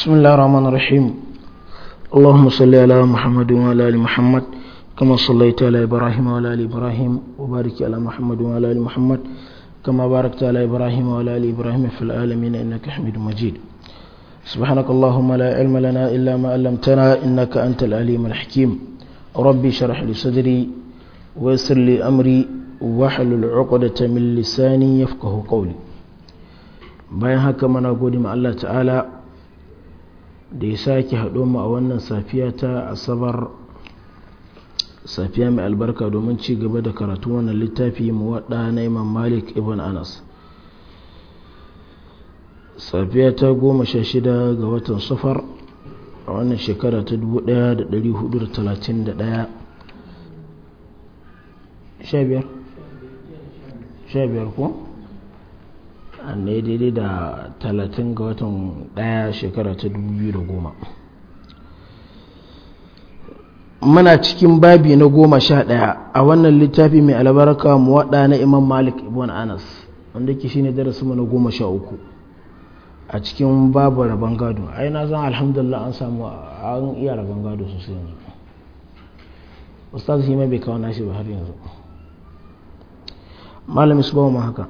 بسم الله الرحمن الرحيم اللهم صل على محمد وعلى ال محمد كما صليت على ابراهيم وعلى ال ابراهيم وبارك على محمد وعلى ال محمد كما باركت على ابراهيم وعلى ال ابراهيم في العالمين انك حميد مجيد سبحانك اللهم لا علم لنا الا ما علمتنا انك انت العليم الحكيم ربي اشرح لي صدري ويسر لي امري واحلل عقدة من لساني يفقه قولي bayan haka mana gode ma Allah ta'ala da ya sake haɗo mu a wannan safiya ta asabar safiya mai albarka domin ci gaba da karatu wannan littafi waɗa na imam malik ibn anas safiya ta goma sha shida ga watan safar a wannan shekara ta dubu da hudu ɗaya sha biyar ko? ne daidai da talatin ga watan daya shekara ta da goma. muna cikin babi na goma sha ɗaya a wannan littafi mai albarka mu waɗa na imam malik ibn anas wanda ke shine darasi na goma sha uku a cikin babu rabon gado ai na zan alhamdulillah an samu an iya rabon gado sosai yanzu ustaz shi mai bai kawo nashi ba har yanzu malam ba mu haka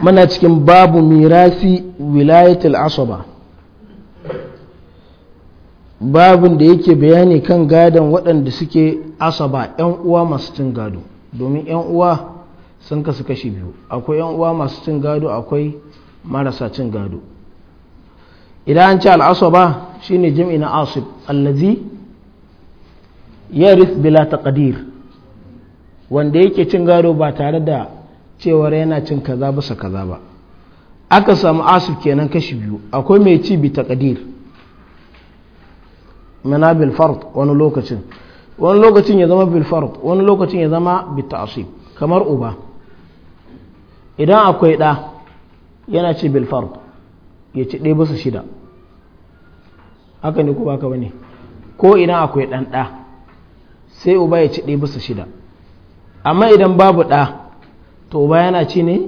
muna cikin babu mirasi wilayatul asaba babun da yake bayani kan gadon waɗanda suke asaba 'yan uwa masu cin gado domin 'yan uwa sun kasu kashi biyu akwai 'yan uwa masu cin gado akwai marasa cin gado idan an ce al'asaba shine jami'i na asib allazi yarith bila taqdir wanda yake cin gado ba tare da cewar yana cin kaza bisa kaza ba aka samu asif kenan kashi biyu akwai mai ci bi kadir mana bil wani lokacin wani lokacin ya zama bil wani lokacin ya zama bi ta'sib kamar uba idan akwai da yana ci bil ya ci ɗaya bisa shida haka ne ko baka wani ko idan akwai ɗan ɗa sai uba ya ci ɗaya bisa shida amma idan babu ɗa to uba yana ci ne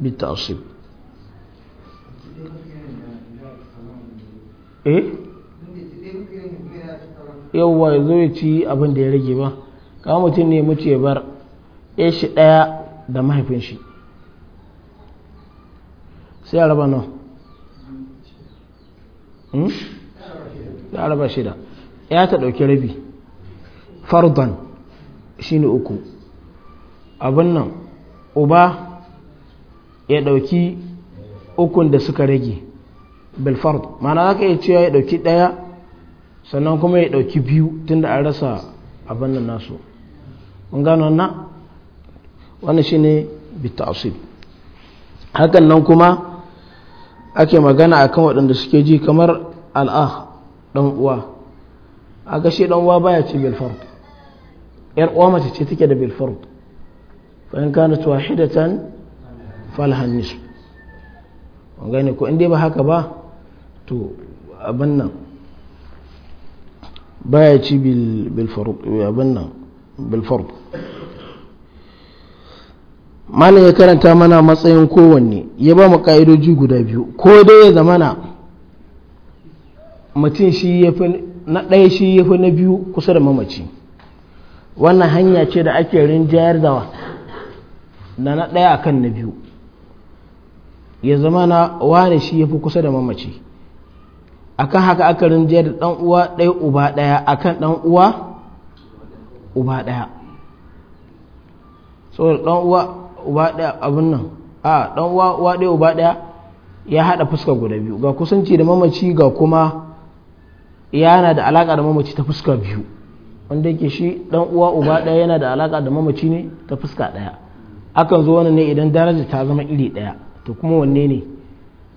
bitasib eh yawwa ya zo ya ci abin da ya rage ba kawo mutum ne mutu ya bar ya shi ɗaya da mahaifin shi sai a raba nawa hmm? sai raba shida ya ta ɗauki rabi fardon shi ne uku abin nan uba ya ɗauki ukun da suka rage belfard mana za ka iya cewa ya ɗauki ɗaya sannan kuma ya ɗauki biyu tunda an rasa abin nasu mun gano na wani shi ne bitasib hakan nan kuma ake magana a kan waɗanda suke ji kamar al'ah ɗan uwa a shi ɗan uwa baya ce belfard yar uwa mace ce take da belford in kanat wahidatan falha nisf an gane ko in dai ba haka ba to abin nan baya ci bil malam ya karanta mana matsayin kowanne ya ba mu ƙa'idoji guda biyu ko dai ya zamana mutum shi ya fi na ɗaya shi ya fi na biyu kusa da mamaci wannan hanya ce da ake rinjayar da na na ɗaya akan na biyu ya zama na wane shi ya fi kusa da mamaci akan haka aka rinjiya da ɗan uwa ɗaya uba ɗaya akan ɗan uwa uba ɗaya so ɗan uwa uba ɗaya abin nan a ɗan uwa uwa ɗaya uba ɗaya ya haɗa fuska guda biyu ga kusanci da mamaci ga kuma yana da alaƙa da mamaci ta fuska biyu wanda yake shi ɗan uwa uba ɗaya yana da alaƙa da mamaci ne ta fuska ɗaya akan zo wani ne idan daraja ta zama iri ɗaya to kuma wanne ne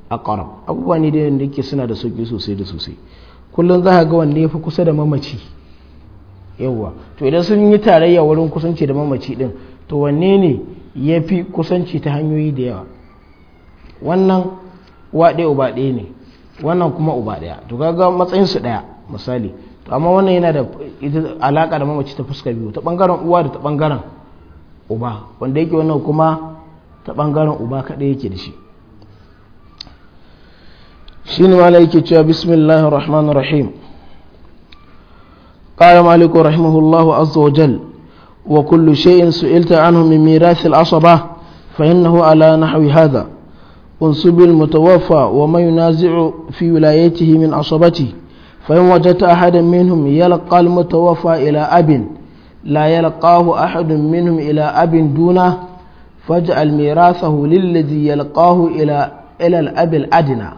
a ƙarab abubuwa ne da yadda ke suna da sauƙi sosai da sosai kullum za ga wanne ya fi kusa da mamaci yawwa to idan sun yi tarayya wurin kusanci da mamaci din to wanne ne ya fi kusanci ta hanyoyi da yawa wannan uwa ɗaya uba ɗaya ne wannan kuma uba ɗaya to kaga matsayinsu ɗaya misali to amma wannan yana da alaƙa da mamaci ta fuska biyu ta ɓangaren uwa da ta ɓangaren uba wanda yake wannan kuma ta bangaren uba kaɗai yake da shi shi ne mala yake cewa bismillahir rahmanir rahim qala maliku rahimahullahu azza wa jal wa kullu shay'in su'ilta anhu min mirathil asaba fa innahu ala nahwi hadha unsubu al mutawaffa wa man yunazi'u fi wilayatihi min asabati fa in wajata ahadan minhum yalqa al mutawaffa ila abin لا يلقاه أحد منهم إلى أب دونه فاجعل ميراثه للذي يلقاه إلى إلى الأب الأدنى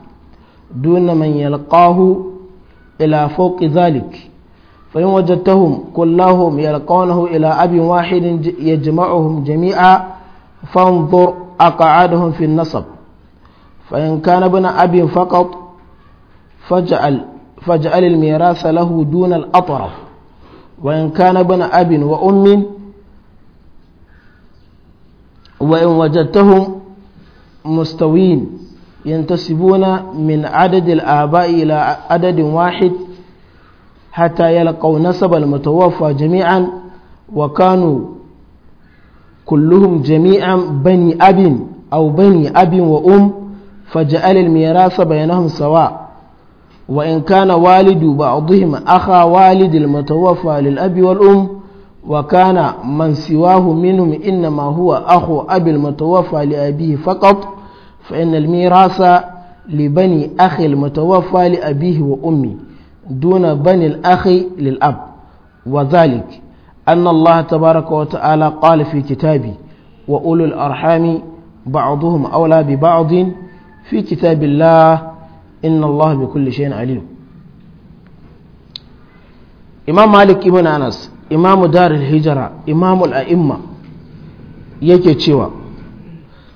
دون من يلقاه إلى فوق ذلك فإن وجدتهم كلهم يلقونه إلى أب واحد يجمعهم جميعا فانظر أقعدهم في النصب فإن كان ابن أب فقط فاجعل فاجعل الميراث له دون الأطرف وإن كان ابن أب وأم وإن وجدتهم مستوين ينتسبون من عدد الآباء إلى عدد واحد حتى يلقوا نسب المتوفى جميعا وكانوا كلهم جميعا بني أب أو بني أب وأم فجعل الميراث بينهم سواء وإن كان والد بعضهم أخا والد المتوفى للأب والأم وكان من سواه منهم إنما هو أخو أبي المتوفى لأبيه فقط فإن الميراث لبني أخي المتوفى لأبيه وأمي دون بني الأخ للأب وذلك أن الله تبارك وتعالى قال في كتابه وأولو الأرحام بعضهم أولى ببعض في كتاب الله inna Allah bi kulli shay'in alim imam malik ibn anas imamu darul hijra imamul a'imma yake cewa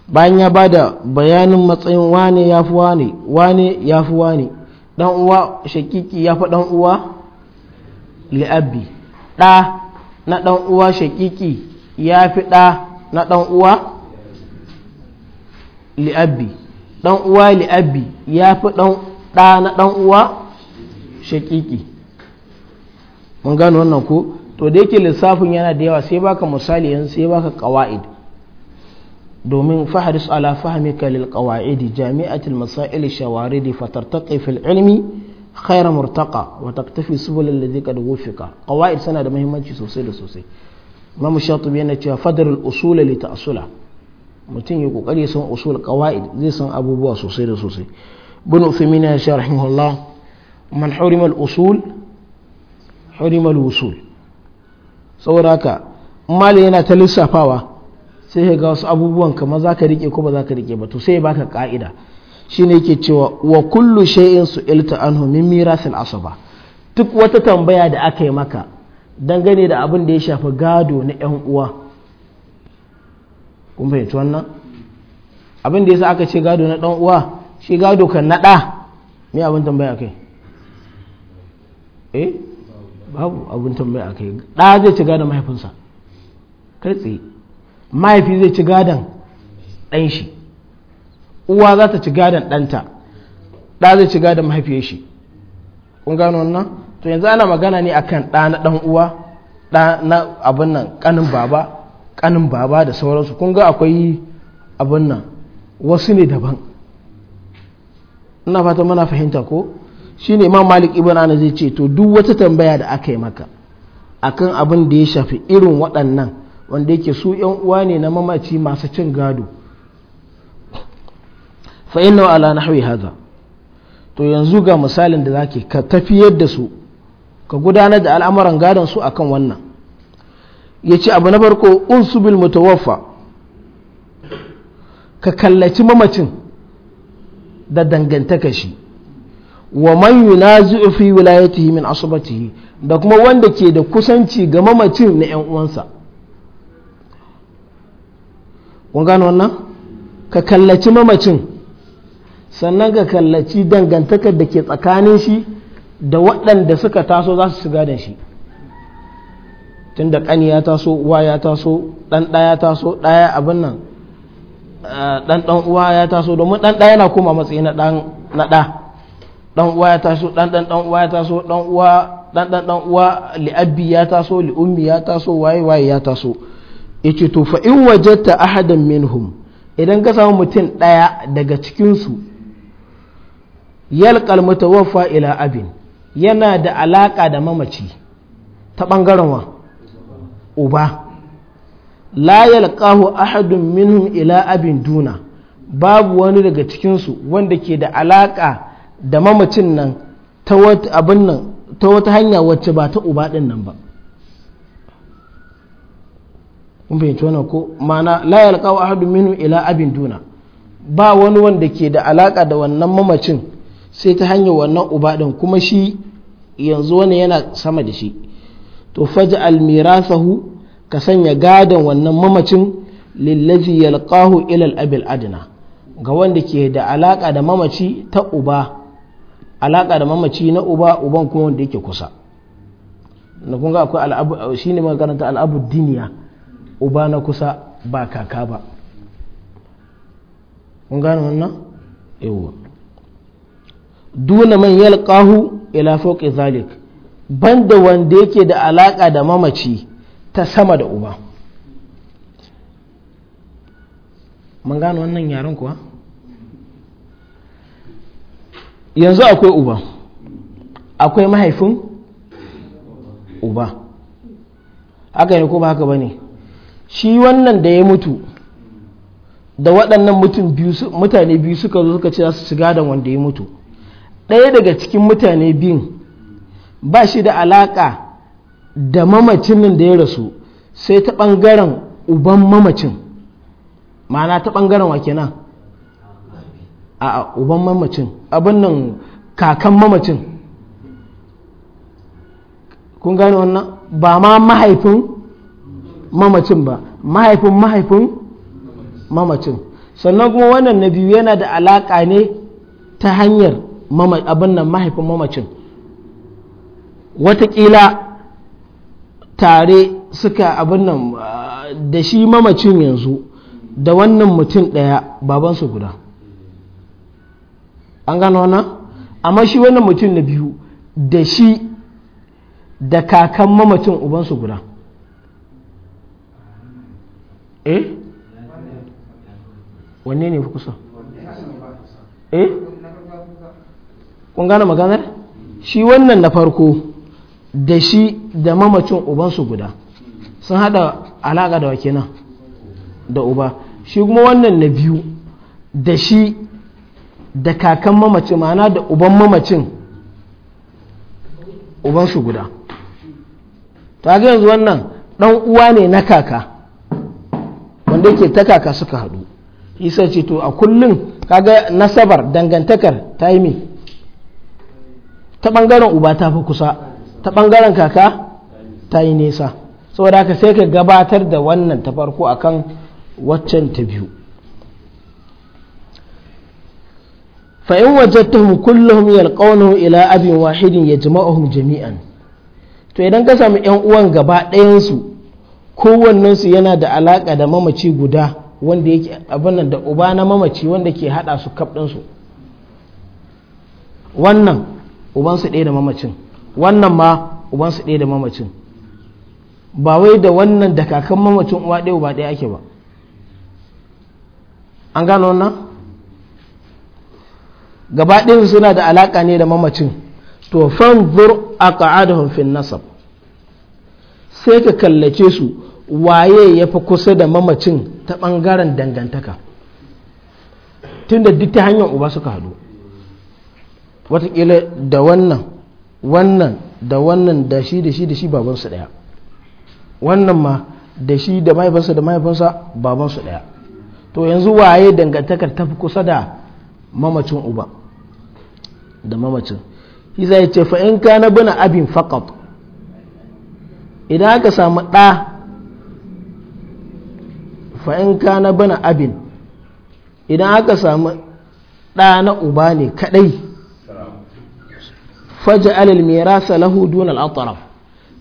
bayan ya bada bayanin matsayin wane ya fi wane wane ya fi wane dan uwa shakiki ya fi dan uwa li'abbi ɗa na dan uwa shakiki ya fi da na dan uwa li'abbi dan uwa li abi ya fi dan ɗa na dan uwa shakiki mun gano wannan ko to da yake lissafin yana da yawa sai baka misali yanzu sai baka qawaid domin fahris ala fahmika lil qawaid al masail shawaridi fatartaqi fil ilmi khaira murtaqa wa taktafi subul alladhi qad wufika qawaid sana da muhimmanci sosai da sosai Imam Shatibi yana cewa fadrul usul li ta'sula mutum ya kokari ya san usul qawaid zai san abubuwa sosai da sosai bin uthaymeen ya sharh rahimahullah man hurima al-usul hurima al-wusul saboda haka mali yana ta lissafawa sai ga wasu abubuwan kamar za ka rike ko ba za ka rike ba to sai baka ka'ida shine yake cewa wa kullu shay'in ilta anhu min mirasil asaba duk wata tambaya da aka yi maka dangane da abin da ya shafi gado na 'yan uwa kun fahimci wannan abin da sa aka ce gado na dan uwa shi gado kan naɗa da me abin tambaya kai eh babu abin tambaya kai da zai ci gadon mahaifinsa kai tsaye mahaifi zai ci gadon ɗan shi uwa za ta ci gadon ɗanta ɗa zai ci gadon mahaifiyar shi kun gano wannan to yanzu ana magana ne akan ɗa na ɗan uwa ɗa na abin nan ƙanin baba kanin baba da sauransu kun ga akwai abin nan wasu ne daban ina fata mana fahimta ko Shi ne imam malik ibn ana zai ce to duk wata tambaya da aka yi maka akan abin da ya shafi irin waɗannan wanda yake su yan uwa ne na mamaci masu cin gado fa inna ala nahwi hadha to yanzu ga misalin da zake ka tafiyar da su ka gudanar da al'amuran gadon su akan wannan ya ce abu na farko bil mutawaffa ka kallaci mamacin da dangantaka shi wa man yunazi'u fi wilayatihi min asabatihi da kuma wanda ke da kusanci ga mamacin na 'yan uwansa kun wannan ka kallaci mamacin sannan ka kallaci dangantakar da ke tsakanin shi da waɗanda suka taso za su shiga da shi tun da ƙani ya taso uwa ya taso ɗan ɗaya taso ɗaya abin nan eh, ɗan ɗan uwa ya taso domin ɗan ɗaya na koma matsayi na ɗa ɗan uwa ya taso ɗan ɗan ɗan uwa ya taso ɗan uwa ɗan ɗan ɗan uwa li'abbi ya taso li'ummi ya taso waye waye ya taso yace to fa in wajadta ahadan minhum idan ka samu mutum ɗaya daga cikinsu yalqal mutawaffa ila abin yana da alaƙa da mamaci ta ɓangaren wa uba la yalqahu ahadun minhum ila abin duna babu wani daga cikinsu wanda ke da alaƙa da mamacin nan ta wata abin nan ta wata hanya wacce ba ta uba din nan ba kun fahimci wannan ko mana la yalqahu ahadun minhum ila abin duna ba wani wanda ke da alaƙa da wannan mamacin sai ta hanyar wannan uba din kuma shi yanzu wani yana sama da shi to faj'al mirasahu ka sanya gadon wannan mamacin lillazi yalqahu ila al-abil adna ga wanda ke da alaka da mamaci ta uba alaka da mamaci na uba uban kuma wanda yake kusa na kun ga akwai al'abu shine makaranta al'abu diniya uba na kusa ba kaka ba kun gane wannan yawa duna man yalqahu ila fawqi zalik banda wanda yake da alaka da mamaci ta sama da uba mun gano wannan yaren kuwa yanzu akwai uba akwai mahaifin uba haka ne ko ba haka ba ne shi wannan da ya mutu da waɗannan mutane biyu suka zo suka ce za su shiga da wanda ya mutu ɗaya daga cikin mutane biyun ba shi da alaka da mamacin nan da ya rasu sai ta ɓangaren uban mamacin ma'ana ta ɓangaren wa kenan a uban mamacin abin nan kakan mamacin kun gane wannan ba ma mahaifin mamacin ba mahaifin mahaifin mamacin sannan kuma wannan na biyu yana da alaƙa ne ta hanyar abin nan mahaifin mamacin watakila tare suka abin nan ah, da shi mamacin yanzu da wannan mutum ɗaya babansu guda an gano wannan amma shi wannan mutum na biyu da shi da kakan mamacin ubansu guda eh wanne ne kusa eh kun gano maganar shi wannan na farko da shi da mamacin ubansu guda sun hada alaka da wake nan da uba shi kuma wannan na biyu da shi da kakan mamacin ma'ana da uban mamacin ubansu guda ta ga yanzu wannan dan uwa ne na kaka wanda yake ta kaka suka hadu isa ce to a kullum kaga nasabar dangantakar ta yi ta bangaren uba ta fi kusa ta ɓangaren kaka ta yi nesa saboda haka sai ka gabatar da wannan ta farko akan waccan ta biyu fa'in wajattahum kullum yalqawnahu ila abin wahidin ya jima'ahum jami'an to idan ka samu ‘yan uwan gaba ɗayansu kowannensu yana da alaƙa da mamaci guda wanda yake abin da uba na mamaci wanda ke haɗa su kaf wannan ubansu ɗaya da mamacin wannan ma ubansu ɗaya da mamacin ba wai da wannan da kakan mamacin uwa ɗaya ba ɗaya ake ba an gano wannan gabaɗin suna da alaƙa ne da mamacin to zur a ƙa'adahun fin nasab sai ka kallace su waye ya fi kusa da mamacin ta ɓangaren dangantaka tunda duk ta hanyar uba suka haɗu watakila da wannan wannan da wannan da shi da shi da shi babansu ɗaya wannan ma da shi da mahaifinsa da mahaifinsa babansu ɗaya to yanzu waye dangantakar ta fi kusa da mamacin uba da mamacin shi zai ce fa in kana bana abin faqat idan aka samu ɗa fa in kana bana abin idan aka samu ɗa na uba ne kaɗai faj'al al-miras lahu dun al-atraf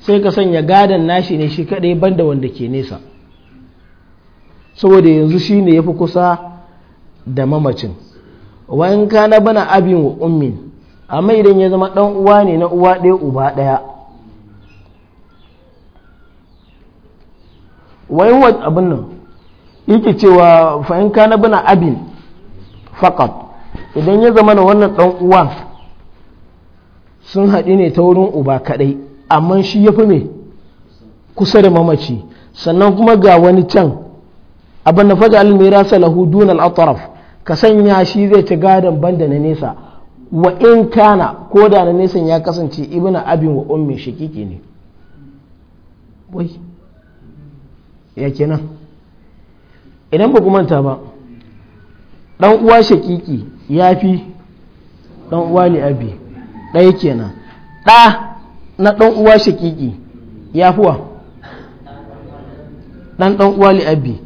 sai ka sanya gadan nashi ne shi kadai banda wanda ke nesa saboda yanzu shine yafi kusa da mamacin wa in kana bana abin wa ummin amma idan ya zama dan uwa ne na uwa ɗaya uba ɗaya wai wa abin nan yake cewa fa in kana bana abin faqat idan ya zama na wannan dan uwa sun haɗu ne ta wurin uba kaɗai amma shi ya fi mai kusa da mamaci sannan kuma ga wani can abin na faja rasa lahu dunal ataraf ka sanya shi zai ci gadon banda na nesa wa in kana ko da na nesan ya kasance ibina abin wa ummi shikiki ne wai ya kenan idan ba manta ba ɗan uwa shakiki ya fi ɗan uwa li abi ɗaya kenan ɗa na ɗan uwa shakiki ya fuwa ɗan ɗan uwa li'abbi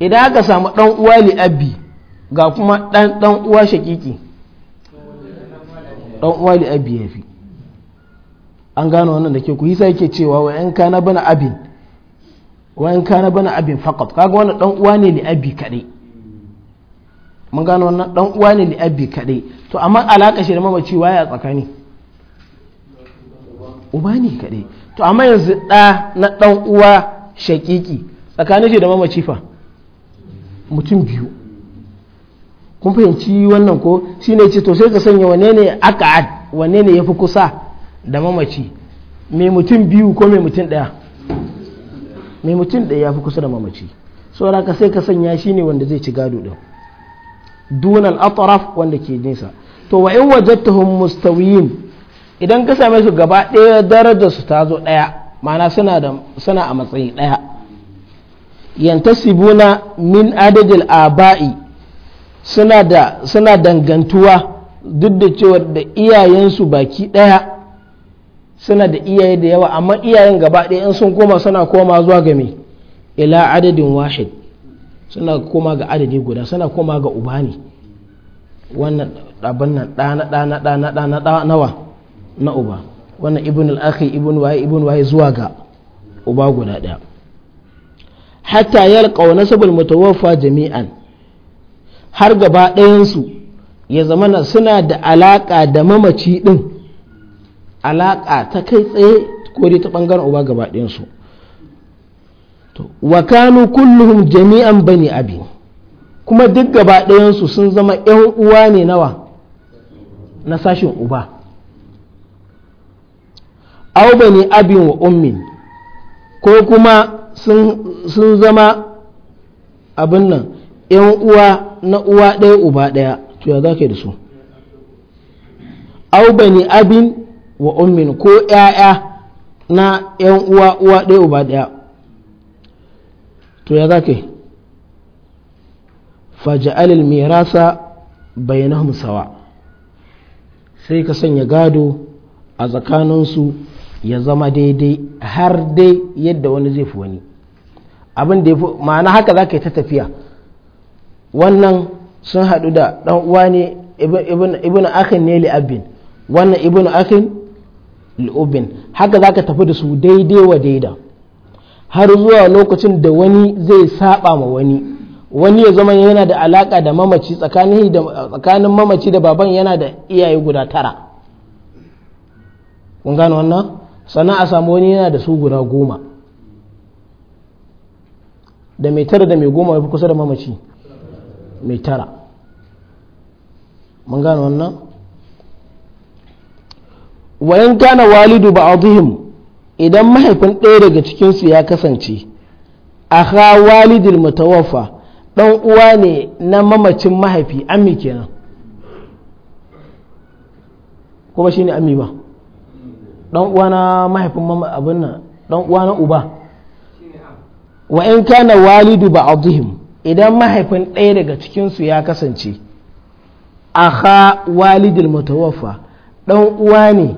idan aka samu ɗan uwa li'abbi ga kuma ɗan ɗan’uwa uwa shakiki ɗan uwa li'abbi ya fi an gano wannan da ke ku hisa yake cewa wa ‘yan kana bana abin wa ‘yan kana bana abin fakat kaga wannan ɗan uwa ne li'abbi kaɗai mun gano wannan ɗan uwa ne li'abbi kaɗai to amma alaƙa shi da mamaci waya tsakani uba ne kaɗai to amma yanzu ɗa na ɗan uwa shakiki tsakanin shi da mamaci fa mutum biyu kun fahimci wannan ko shi ne ce to sai ka sanya wane ne aka'ad wane ne ya fi kusa da mamaci mai mutum biyu ko mai mutum ɗaya mai mutum ɗaya ya fi kusa da mamaci saura ka sai ka sanya shi ne wanda zai ci gado ɗin dunan ataraf wanda ke nesa to wa in wajattahum mustawiyin idan ka same su gaba ɗaya darajar su ta zo ɗaya ma'ana suna da suna a matsayi ɗaya yantasibuna min adadil aba'i suna da suna dangantuwa duk da cewa da iyayensu baki ɗaya suna da iyaye da yawa amma iyayen gaba ɗaya in sun koma suna koma zuwa ga me ila adadin wahid suna koma ga adadi guda suna koma ga uba ne wannan abin nan ɗana ɗana ɗana ɗana nawa na uba wannan ibn al-akhi ibn waye ibn waye zuwa ga uba guda daya hatta yalqa nasabul mutawaffa jami'an har gaba ɗayan su ya zamana suna da alaka da mamaci din alaka ta kai tsaye ko dai ta bangaren uba gaba ɗayan su wa kanu kulluhum jami'an bani abi kuma duk gaba ɗayan su sun zama ƴan uwa ne nawa na sashin uba au bani abin wa ummin ko kuma sun zama abin nan yan uwa na uwa ɗaya uba ɗaya to ya za ka da su au bani abin wa ummin ko ƴaƴa na yan uwa uwa ɗaya uba ɗaya to ya za ka yi faja'alil mirasa bainahum sawa sai ka sanya gado a tsakaninsu ya zama daidai har dai yadda wani zai fi wani abin da ya fi ma'ana haka za ka yi ta tafiya wannan sun haɗu da ɗan uwa ne ibn akin ne li'abin wannan ibn akin li'ubin haka za ka tafi da su daidai wa daida har zuwa lokacin da wani zai saba ma wani wani ya zama yana da alaka da mamaci tsakanin mamaci da baban yana da iyaye guda tara kun gano wannan sannan a samu wani yana da su guda goma da mai tara da mai goma ya fi kusa da mamaci mai tara mun gano wannan wayan kana walidu ba'dihim idan mahaifin ɗaya daga cikinsu ya kasance a ha walidin mutawaffa ɗan uwa ne na mamacin mahaifi ammi kenan kuma shi ne ammi ba uwa uwana mahaifin mama abin nan uwa na uba wa in kana walidu ba'dihim idan mahaifin ɗaya daga cikinsu ya kasance akha walidil mutawaffa Ɗan uwa ne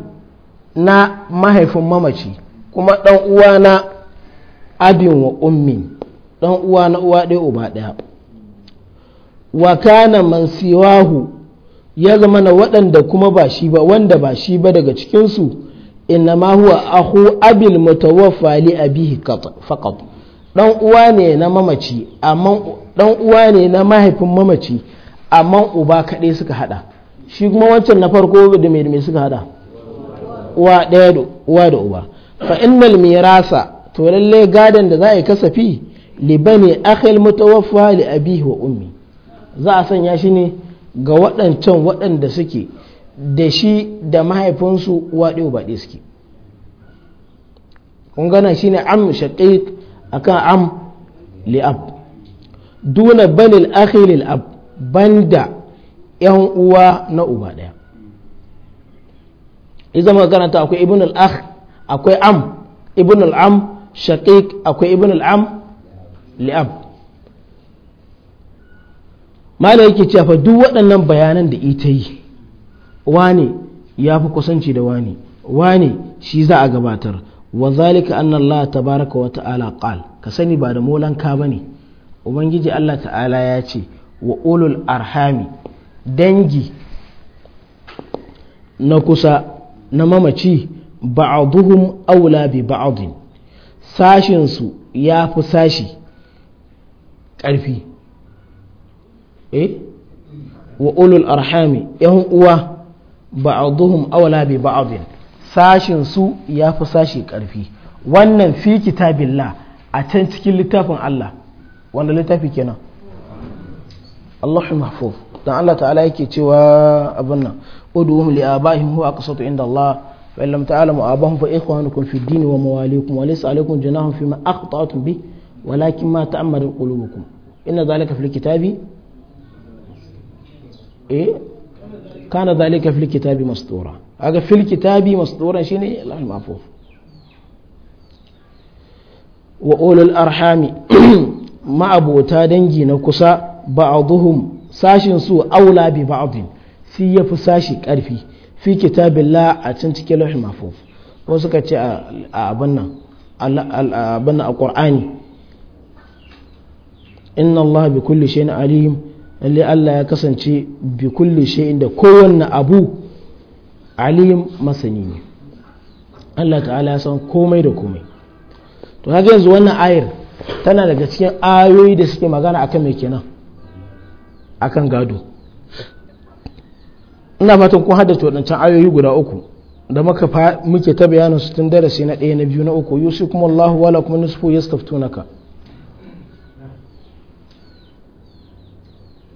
na mahaifin mamaci kuma ɗan uwa na abin wa ummi uwa na uwa ɗaya uba ɗaya wa kana man siwahu ya zama na waɗanda kuma ba shi ba wanda ba shi ba daga cikinsu innama huwa ahu abil mutawaffa li abihi faqat dan uwa ne na mamaci amma dan uba kaɗai suka hada shi kuma wancan na farko da me suka hada uwa da uwa da uba fa innal mirasa to lalle gadon da za a yi kasafi li bani akhil mutawaffa li abihi wa ummi za a sanya shi ne ga waɗancan waɗanda suke da shi da mahaifinsu waɗe ba ɗaya suke kun gana shi ne am a akan am li'ab duna banil akhi ban banda yan uwa na uba ɗaya idan muka karanta akwai ibn al-akh akwai am ibn al-am shaqiq akwai ibn al-am li'ab malai yake cewa duk waɗannan bayanan da ita yi wane ya fi kusanci da wane wane shi za a gabatar wa zalika anna Allah tabaraka wa ta'ala qal ka sani ba da molan ka bane ubangiji Allah ta'ala ya ce wa ulul arhami dangi na kusa na mamaci ba'aduhum aula bi sashin sashinsu ya fi sashi ƙarfi eh wa ulul arhami yan uwa ba'aduhum awla bi ba'din sashin su ya fi sashi karfi wannan fi kitabillah a can cikin littafin Allah wanda littafi kenan Allahu mahfuz dan Allah ta'ala yake cewa abin nan udhum li abaihim huwa aqsatu inda Allah fa lam ta'lamu abahum fa ikhwanukum fi dini wa mawalikum wa laysa alaykum junahun fima aqta'tum bi walakin ma ta'ammaru qulubukum inna dhalika fil kitabi eh kana zalika fil kitabi mastura aga fil kitabi mastura shine al mafuf wa ulul arhami ma'abota dangi na kusa ba'dhum sashin su aula bi ba'dhin sai yafi sashi karfi fi kitabillah a can cikin lauhin mafuf wasu ka ce a abin nan a qur'ani inna allaha bi kulli shay'in alim lalle Allah ya kasance bi kulli shay'in da kowanne abu alim masani ne Allah ta'ala ya san komai da komai to haka yanzu wannan ayar tana daga cikin ayoyi da suke magana akan mai kenan akan gado ina fatan kun haddace waɗancan ayoyi guda uku da muka muke ta bayanin su tun darasi na ɗaya na biyu na uku yusuf kuma Allah wala kuma nusfu yastaftunaka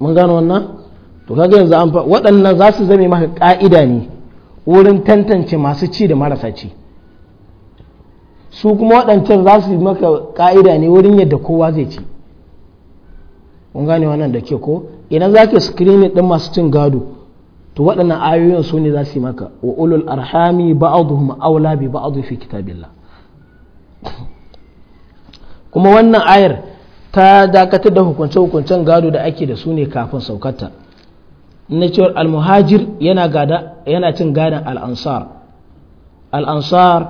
mun gano wannan to kaga yanzu an waɗannan za su zame maka ƙa'ida ne wurin tantance masu ci da marasa ci su kuma waɗancan za su maka ƙa'ida ne wurin yadda kowa zai ci mun gane wannan da ke ko idan za ka screening ɗin masu cin gado to waɗannan ayoyin su ne za su yi maka wa ulul arhami ba'aduhum aula bi ba'adu fi kitabillah kuma wannan ayar ta dakatar da hukunce-hukuncen gado da ake da su ne kafin saukarta na cewar almuhajir yana cin gadon al'ansar al'ansar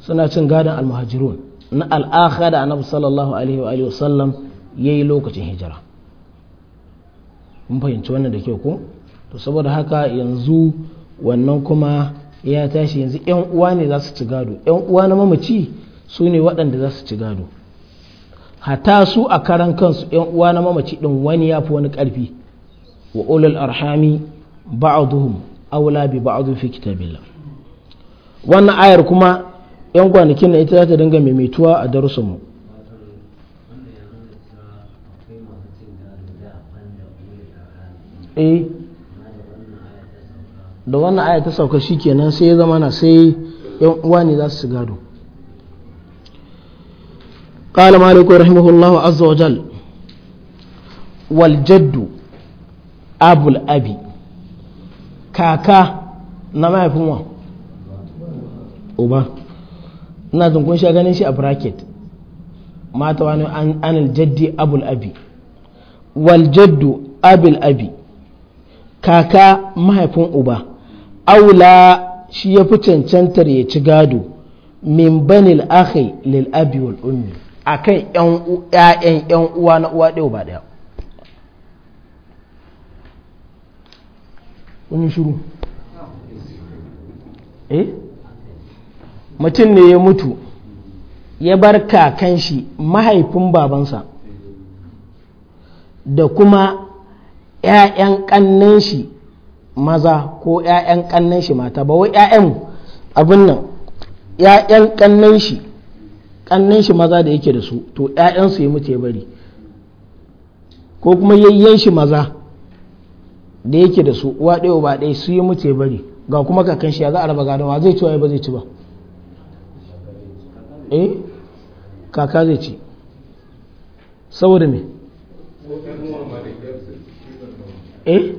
suna cin gadon almuhajirun na al'akha da annabi sallallahu alaihi wa sallam ya yi lokacin hijira mun fahimci wannan da kyau ko to saboda haka yanzu wannan kuma ya tashi yanzu 'yan uwa ne za su ci gado 'yan uwa na mamaci su ne waɗanda za su ci gado hata su a karan kansu yan uwa na mamaci din wani ya fi wani karfi wa ulul arhami ba'duhum aula bi ba'd fi kitabillah wannan ayar kuma yan kwanakin ita za ta dinga maimaituwa a darussan mu eh da wannan ayar ta sauka shikenan sai ya zama na sai yan uwa ne za su gado قال مالك رحمه الله عز وجل والجد أبو الأبي كاكا نما يفهموا أبا ina jin kun ganin shi a bracket mata wani an aljaddi abul abi wal jaddu abul kaka mahaifin uba aula shi ya fi cancantar ya ci gado min banil akhi lil abi A kan ‘ya'yan ‘yan uwa na uwa ɗaya ba ɗaya kun shuru eh mutum ne ya mutu ya bar kakan shi mahaifin babansa da kuma ‘ya'yan ƙannan shi maza ko ‘ya'yan ƙannan shi mata ba wai ‘ya'yan abin nan ‘ya'yan ƙannan shi kannan shi maza da yake da su to ƴaƴansu ya mutu ya bari ko kuma yayyen shi maza da yake da su uwa ɗaya ba ɗaya su ya mutu ya bari ga kuma kakan shi ya za a raba gadawa zai ci ba zai ci ba eh kaka zai ci saboda me eh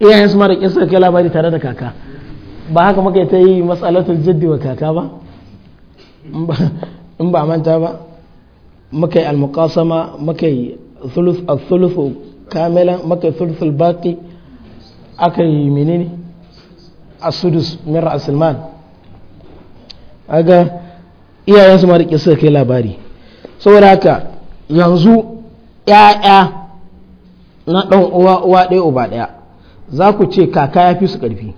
iyayen su mara kyasa kai labari tare da kaka ba haka muka ta yi matsalatar jaddi wa kaka ba in ba manta ba muka yi almukasama muka yi thuluthu kamilan muka yi thuluthul baki aka yi menene sudus min ra'sul a aga iyayen su mara kisa suka kai labari saboda haka yanzu ya'ya na dan uwa uwa ɗaya uba ɗaya za ku ce kaka ya fi su ƙarfi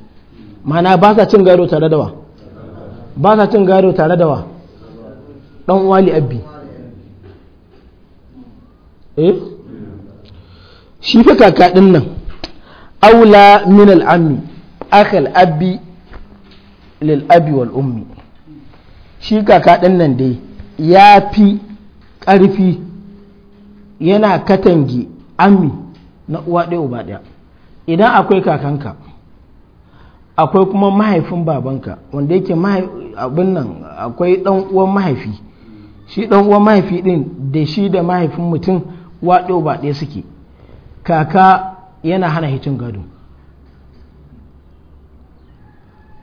mana ba sa cin gado tare da wa ba sa cin gado tare da wa dan wali li'abbi eh shi fa kaka din nan aula min al'ammi akhal abbi lil abi wal ummi shi kaka din nan dai ya fi ƙarfi yana katangi ammi na uwa ɗaya uba ɗaya idan akwai kakanka akwai kuma mahaifin babanka wanda yake abin nan akwai dan uwan mahaifi shi dan uwan mahaifi din da shi da mahaifin mutum waɗo ba ɗaya suke kaka yana hana hicin gado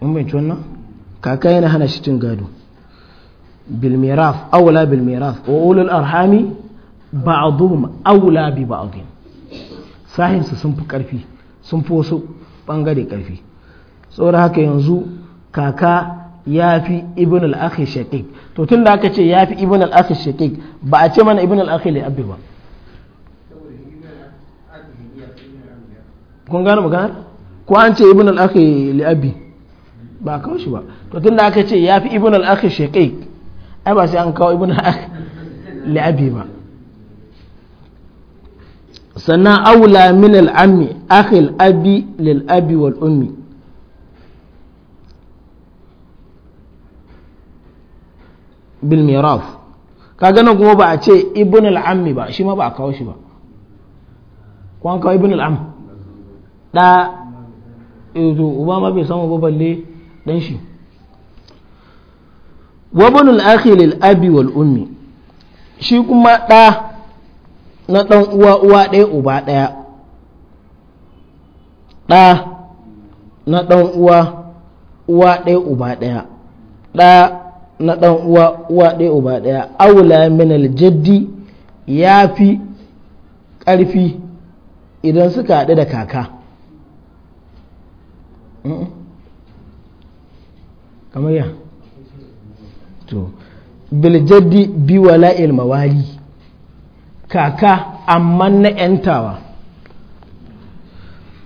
wannan kaka yana hana shi cin gado bilmiraf awula bilmiraf wa ulul arhami ba'dhum awula bi ba'dhin sahin sahinsu sun fi karfi sun fi wasu bangare karfi saboda haka yanzu kaka ya fi ibn al-akhi shaqiq to tunda aka ce ya fi ibn al-akhi shaqiq ba a ce mana ibn al-akhi li abi ba kun gano magana ko an ce ibn al-akhi li abi ba kawo shi ba to tunda aka ce ya fi ibn al-akhi shaqiq ai ba sai an kawo ibn al-akhi li abi ba sannan awla min al-ammi akhi al-abi lil abi wal ummi bilmiraf ka kaga kuma ba a ce ibn al'ammi ba shi ma ba a kawo shi ba kwan kawo ibn al'am da yanzu uba ma bai samu ba balle dan shi wa ibn al abi wal ummi shi kuma da na dan uwa uwa ɗaya uba ɗaya da na dan uwa uwa ɗaya uba ɗaya da na ɗan uwa uwa ɗaya uba ɗaya aula min aljaddi ya fi ƙarfi idan suka haɗu da kaka kamar ya to biljaddi bi wala'il mawali kaka amma na 'yantawa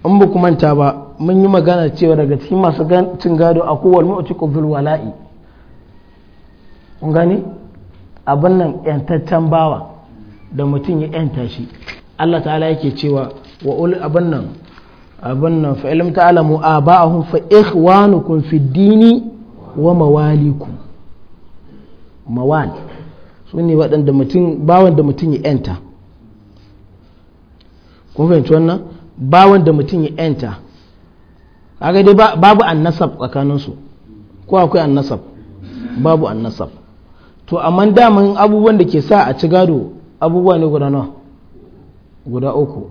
in ba manta ba mun yi magana cewa daga cikin masu cin gado a kowane mutu wala'i kun gane abin nan yantaccen bawa da mutum ya yanta shi Allah ta'ala yake cewa wa ul abin nan abin nan fa ilm ta'lamu aba'ahum fa ikhwanukum fi dini wa mawalikum mawal su ne waɗanda mutum bawan da mutum ya yanta kun fahimci wannan bawan da mutum ya yanta kaga dai babu annasab tsakaninsu ko akwai annasab babu annasab to amma daman abubuwan da ke sa a ci gado abubuwa ne guda nawa guda uku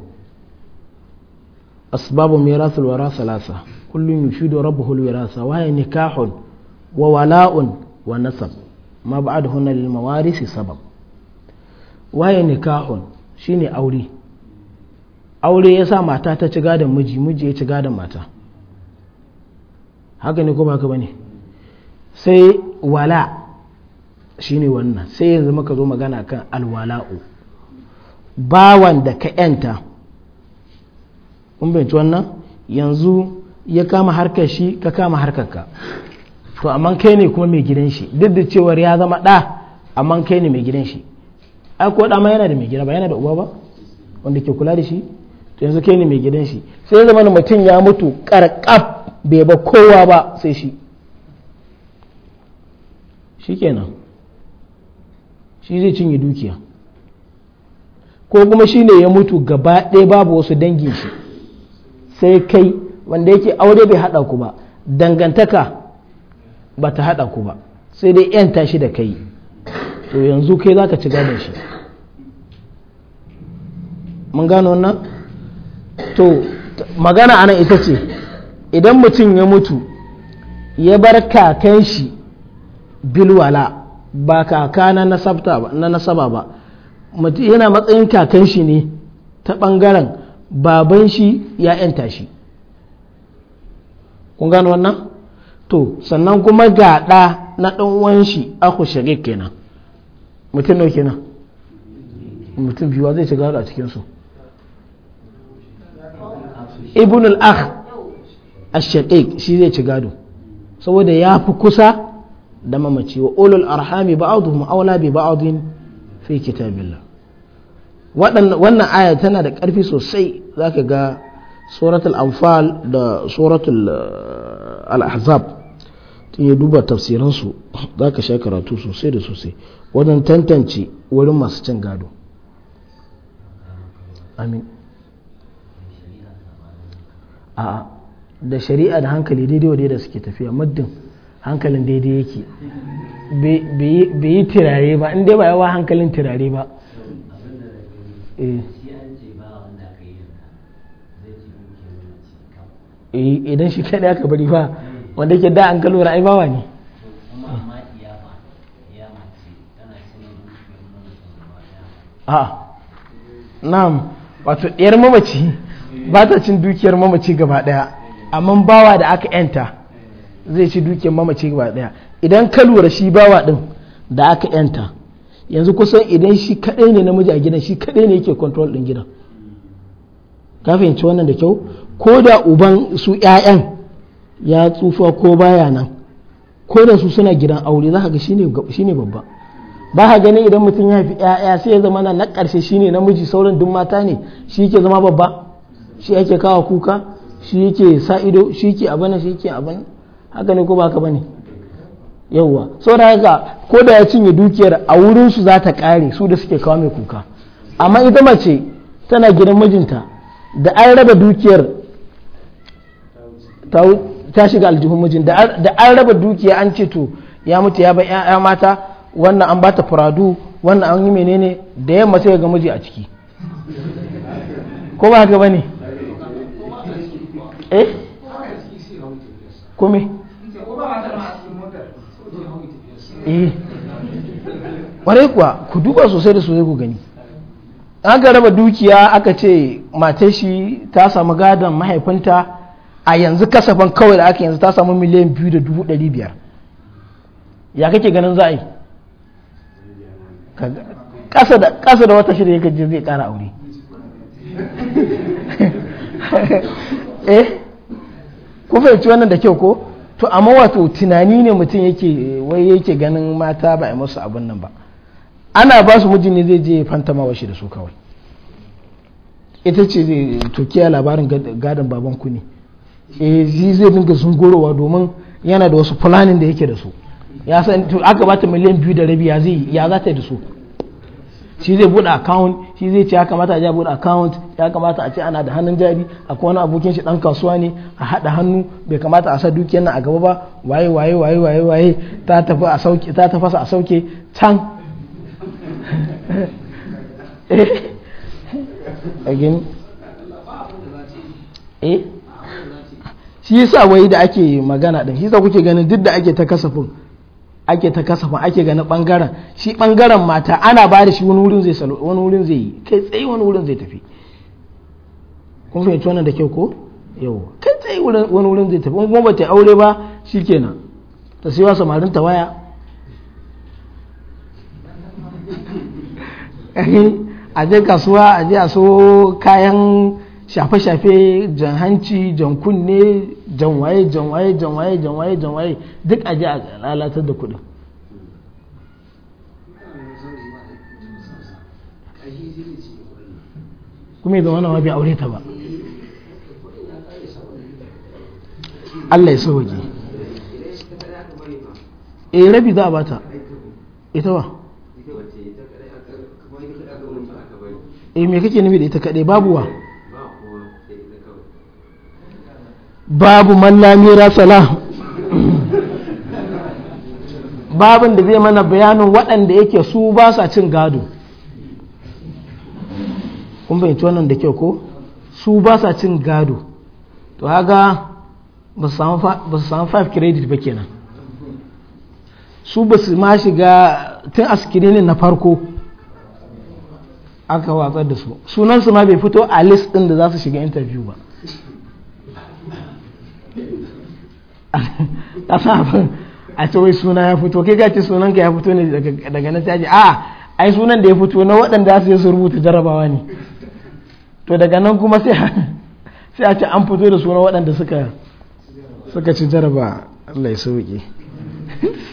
asbabu mirasul wara salasa kullum yushidu rabbuhul wirasa wa hiya nikahun wa wala'un wa nasab ma ba'dahunna lil mawarisi sabab wa hiya nikahun shine aure aure ya sa mata ta ci gadon miji miji ya ci gadon mata haka ne ko ba ka bane sai wala' Shi ne wannan sai yanzu muka zo magana kan alwala'u bawan da ka yanta kun wannan yanzu ya kama harkar shi ka kama harkar ka to amma kai ne kuma mai gidan shi duk da cewar ya zama ɗa amma kai ne mai gidan shi ai ko ɗa yana da mai gida ba yana da uba ba wanda ke kula da shi to yanzu kai ne mai gidan shi sai ya zama mutum ya mutu karkaf bai ba kowa ba sai shi shikenan shi zai cinye dukiya ko kuma shi ne ya mutu gaba ɗaya babu wasu dangin shi sai kai wanda yake aure bai haɗa ku ba dangantaka ba ta haɗa ku ba sai dai 'yan tashi da kai to yanzu kai za ka ci gadon shi mun gano wannan to magana ana ita ce idan mutum ya mutu ya bar kakan shi bilwala ba kaka na nasabta ba na nasaba ba yana matsayin kakan shi ne ta ɓangaren baban shi ya yanta shi kun gano wannan to sannan kuma gaɗa na ɗan uwan shi aku shirik kenan mutum nau kenan mutum biyuwa zai shiga a cikinsu ibn al-akh ash-shaqiq shi zai ci gado saboda ya fi kusa da mamaci wa ulul arhami ba'dhum aula bi ba'dhin fi kitabillah wannan aya tana da ƙarfi sosai zaka ga suratul anfal da suratul eh, al-ahzab tun ya duba tafsiransu zaka sha karatu sosai da sosai wajen tantance wurin masu cin gado amin a da shari'a da hankali daidai da suke tafiya muddin hankalin daidai yake bai yi tirare ba in dai ba yawa hankalin tirare ba eh. Eh, idan shi kaɗai aka bari ba wanda ke da an kalora ai ne a ah, na'am wato ɗiyar mamaci ba ta cin dukiyar mamaci gaba ɗaya amma bawa da aka yanta zai ci dukiyar mamaci ba daya idan ka lura shi bawa din da aka yanta yanzu kusan idan shi kadai ne namiji a gidan shi kadai ne yake control din gidan ka fahimci wannan da kyau ko da uban su ƴaƴan ya tsufa ko baya nan ko da su suna gidan aure za ka ga shine shine babba ba ka gani idan mutum ya fi ƴaƴa sai ya zama na na ƙarshe shine namiji sauran duk mata ne shi yake zama babba shi yake kawo kuka shi yake sa ido shi yake abana shi yake abana haka ne ko ba ka bane yawwa saboda haka ko da ya cinye dukiyar a wurin su za ta kare su da suke kawo mai kuka amma ita mace tana gidan mijinta da an raba dukiyar ta shiga aljihun mijin da an raba dukiya an ce to ya mutu ya ba ya mata wannan an bata furadu wannan an yi menene da yamma sai ga miji a ciki ko ba ka bane eh kome eh ƙwarai kuwa ku duba sosai da sosai ku gani aka raba dukiya aka ce matar shi ta samu gadon mahaifinta a yanzu kasafin kawai da aka yanzu ta samu miliyan biyu da dubu ɗari biyar ya kake ganin za a yi ƙasa da wata shirya kaji zai ƙara aure eh ku fahimci wannan da kyau ko to amma wato tunani ne mutum yake wai yake ganin mata ba a musu abin nan ba ana ba su mijin ne zai je fantama shi da su kawai ita ce tokiya labarin gadon baban ku ne zai eh, zai dinga zungorowa domin yana da wasu fulanin da yake da su ya san aka bata miliyan biyu da rabi ya ya za ta yi da su shi zai bude account shi zai ce ya kamata a ji bude account ya kamata a ce ana da hannun jari a wani abokin shi dan kasuwa ne a hada hannu bai kamata a sa dukiyar nan a gaba ba waye waye waye waye waye ta tafi a sauke ta tafasa a sauke can again eh shi yasa wai da ake magana din shi yasa kuke ganin duk da ake ta kasafin ake ta kasafa ake ganin bangaren shi bangaren mata ana ba da shi wani wurin zai salo wani wurin zai yi kai tsaye wani wurin zai tafi kun fahimci wannan da kyau ko yau, kai tsaye wani wurin zai tafi kuma bata aure ba shikenan ta sai wa samarin ta waya a je kasuwa a je a so kayan shafe-shafe jan hanci jan kunne jan waye jan waye jan waye jan waye jan waye duk a a lalatar da kudin kuma ya zama na bai aure ta ba Allah ya sauwaje eh rabi za a bata ita ba eh me kake nufi da ita kaɗai babuwa babu mallamira salah babin da zai mana bayanin waɗanda yake su ba sa cin gado kun fahimci wannan da kyau ko su ba sa cin gado to haga ba su samu 5 credit ba kenan su ba su ma shiga tun askirinin na farko aka watsar da su sunansu ma bai fito a list ɗin da za su shiga interview ba kasa abin a ce wai suna ya fito kai gaci sunan ka ya fito ne daga nan sai a ah, ai sunan da ya fito na waɗanda su yi su rubuta jarabawa ne to daga nan kuma sai a ce an fito da sunan waɗanda suka suka ci jaraba Allah ya sauke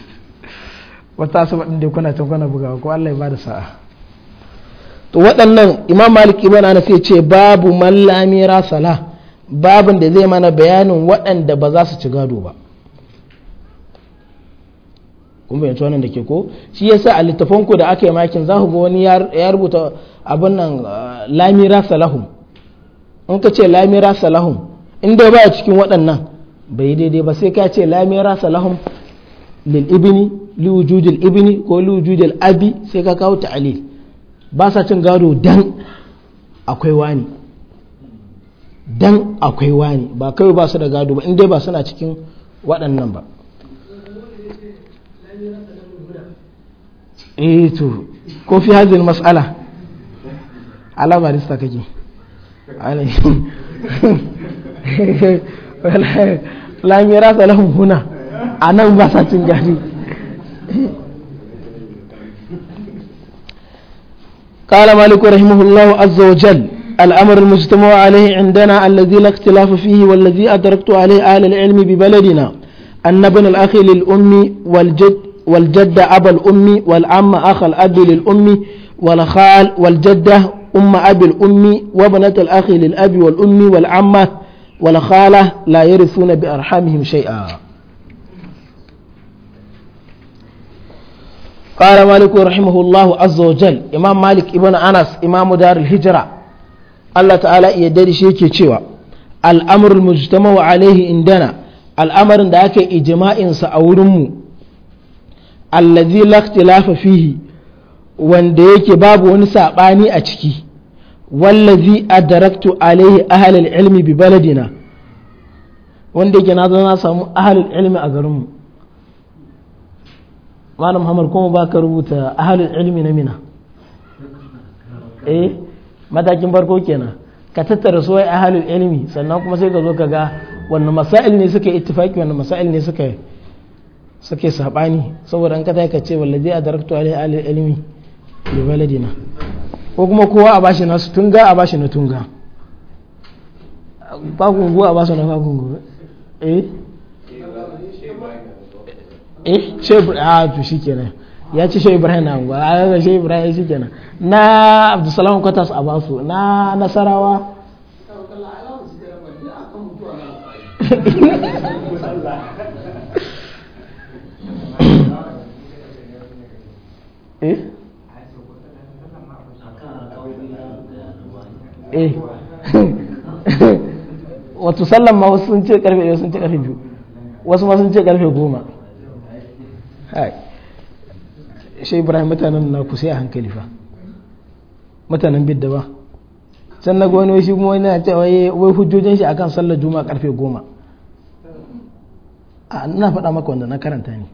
wata asabar ɗin da kuna can kuna bugawa ko Allah ya ba da sa'a to waɗannan imam malik ibn anas ya ce babu mallami rasala babin da zai mana bayanin waɗanda ba za su ci gado ba kuma yanzu wannan da ke ko shi ya sa a littafanku da aka yi makin za ku ga wani ya rubuta abin nan uh, lamira salahun in ka ce lamira salahun in dai a cikin waɗannan bai daidai ba sai ka ce lamira salahun lil ibini liwujudil ibni ko liwujudil abi sai ka kawo ta'alil ba sa cin gado dan akwai wani dan akwai wani ba kawai ba su da gado ba inda ba suna cikin waɗannan ba eh to ko fi hazin matsala ala barista kake lamira ta lahum huna a nan ba sa cin gari قال مالك رحمه الله عز وجل الأمر المجتمع عليه عندنا الذي لا اختلاف فيه والذي أدركت عليه أهل العلم ببلدنا أن ابن الأخ للأم والجد والجدة أبا الأم والعم أخ الأب للأم والخال والجدة أم أبي الأم وبنة الأخ للأب والأم والعمة والخالة لا يرثون بأرحامهم شيئا قال مالك رحمه الله عز وجل إمام مالك ابن أنس إمام دار الهجرة Allah ta'ala iya dare shi yake cewa al'amrul mujtama'u alaihi indana al'amarin da aka ijma'in sa a wurinmu allazi la ikhtilafa fihi wanda yake babu wani sabani a ciki wallazi adaraktu alaihi ahlul ilmi bi baladina wanda yake na na samu ahlul ilmi a garinmu malam Muhammad kuma baka rubuta ahlul ilmi na mina eh matakin farko kenan ka tattara suwai halin ilimi sannan kuma sai ka zo ka ga wannan masail ne suka yi itifaki wannan masail ne suka suke sabani saboda an ka ka ce wallazi adaraktu alai ahlul ilmi bi baladina ko kuma kowa a bashi na tunga a bashi na tunga kwakungu a basu na kwakungu eh eh shebur a ah, to shikenan ya ci shi ibrahim na angwa a ga shi ibrahim shi kenan na abdusalam kwatas a basu na nasarawa eh, eh. wato sallan ma wasu sun ce karfe sun ce karfe biyu wasu ma sun ce karfe goma hai shi ibrahim mutanen na ku sai a hankali fa mutanen bidda ba can na wani shi kuma wani na cewa wai hujjojin shi akan sallar juma'a karfe goma a na faɗa maka wanda na karanta ne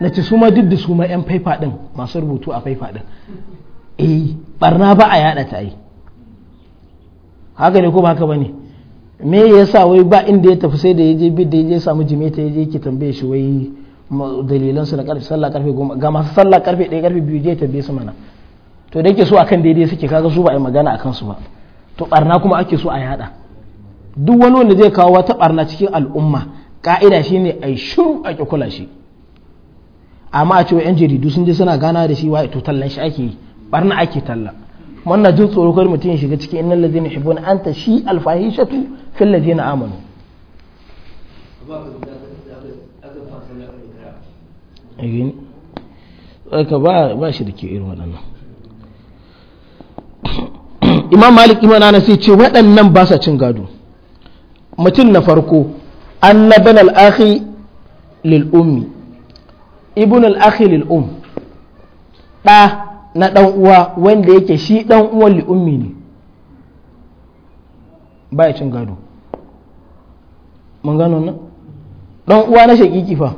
na ci su ma duk da su ma yan faifa ɗin masu rubutu a faifa ɗin eh barna ba a yada ta yi haka ne ko ba haka ba ne me yasa wai ba inda ya tafi sai da ya je bidda ya je samu jimeta ya je ki tambaye shi wai dalilan su na karfe sallah karfe goma ga masu sallah karfe ɗaya karfe biyu je tambaye su mana to da yake so akan daidai suke kaga su ba a magana akan su ba to barna kuma ake so a yada duk wani wanda zai kawo wata barna cikin al'umma ka'ida shine ai shiru a kula shi amma a cewa yan jaridu sun je suna gana da shi wa to tallan shi ake barna ake talla wannan jin tsoro kar mutum ya shiga cikin innal ladina yuhibbuna anta shi alfahishatu fil ladina amanu ka ba shi da ke irin waɗannan imam malik imam ana sai ce waɗannan ba sa cin gado mutum na farko an na ban al'ahi lil'ummi ibn al'ahi lil'um ɗa na ɗan uwa wanda yake shi ɗan uwan lil'ummi ne ba ya cin gado mun gano nan ɗan uwa na shaƙiƙi fa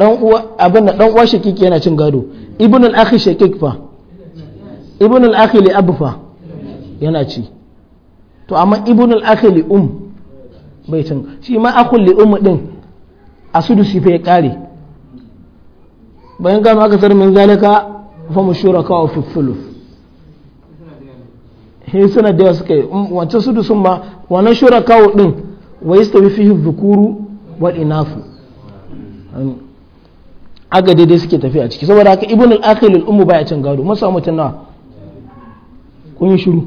dan uwa abin da dan uwa shakiki yana cin gado ibn al-akhi shakik fa ibn al-akhi li abu fa yana ci to amma ibn al-akhi li um bai cin shi ma akhul li um din a sudusi fa ya kare bayan gano aka min zalika fa mushuraka wa fi thuluth he suna da suka yi um, ma wannan din wa inafu aga daidai suke tafiya ciki saboda haka ibn al-akhil al-ummu baya cin gado mun samu mutum nawa kun yi shiru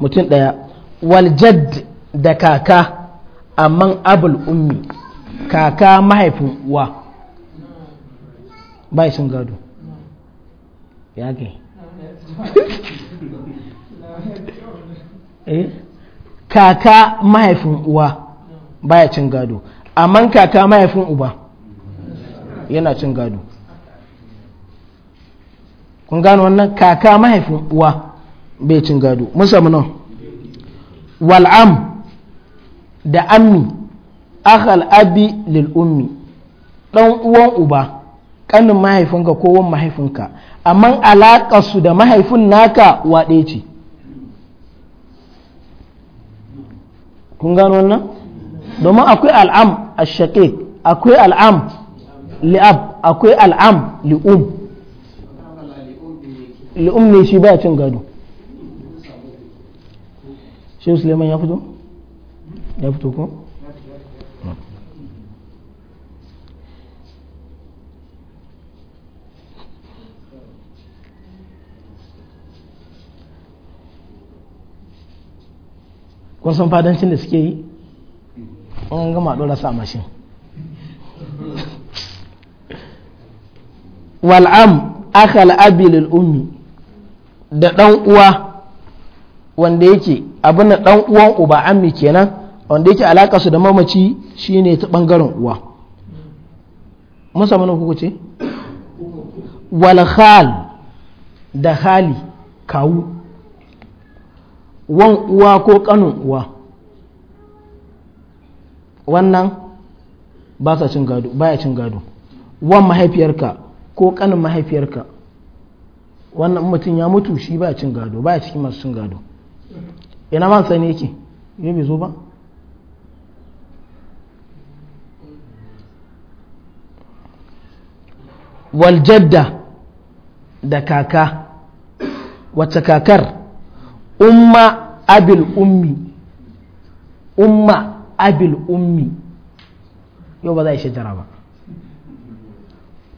mutum daya wal jadd da kaka amma abul ummi kaka mahaifin uwa baya cin gado ya eh kaka mahaifin uwa baya cin gado amma kaka mahaifin uba yana cin gado kun gano wannan kaka mahaifin uwa bai cin gado musamman wal'am da ammi akhal abi lil ummi dan uwan uba kanin mahaifinka ko wan mahaifinka amma alaƙa su da mahaifin naka waɗe ce kun gano wannan domin akwai al'am a akwai al'am li'ab akwai al'am li'um li'um ne shi ba cin gado shi suleiman ya fito ya fito ko kun san fadancin da suke yi an gama dora sa mashin wal'am akal abilil ummi da ɗan uwa wanda yake abin ɗan uwan uba ammi kenan wanda yake alaka su da mamaci shine ta ɓangaren uwa musamman kuku ce walhal da hali kawu wan uwa ko ƙanin uwa wannan ba sa cin gado baya cin gado wan mahaifiyarka ko kanin mahaifiyarka wannan mutum ya mutu shi ba cin gado ba cikin masu cin gado ina man sani yake yi bai zo ba waljadda da kaka wacce kakar umma abil ummi umma abil ummi yau ba za a yi shajara ba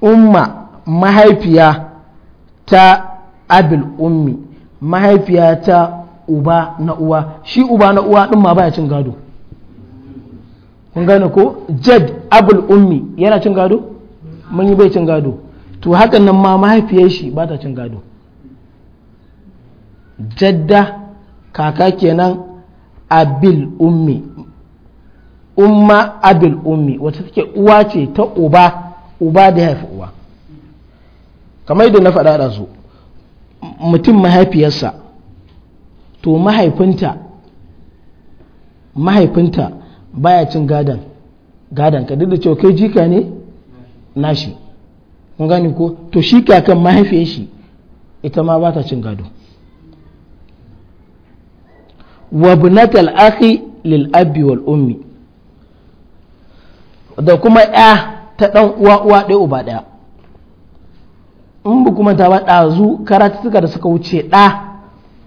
umma mahaifiya ta abil ummi mahaifiya ta uba na uwa shi uba na uwa din ma baya cin gado kun gane ko jad abul ummi yana cin gado mun yi bai cin gado to hakan nan ma mahaifiyar shi ba ta cin gado jadda kaka kenan abil ummi umma abil ummi wata take uwa ce ta uba uba da haifi uwa kamar yadda na faɗa su mutum mahaifiyarsa to mahaifinta mahaifinta baya cin gadon gadon ka duk da cewa kai jika ne nashi kun gani ko to shi kakan mahaifiyar shi ita ma ba ta cin gado wa bunatal akhi lil abi wal ummi da kuma ya ta dan uwa uwa ɗaya uba ɗaya in ba kuma ta ba ɗazu karatuka da suka wuce ɗa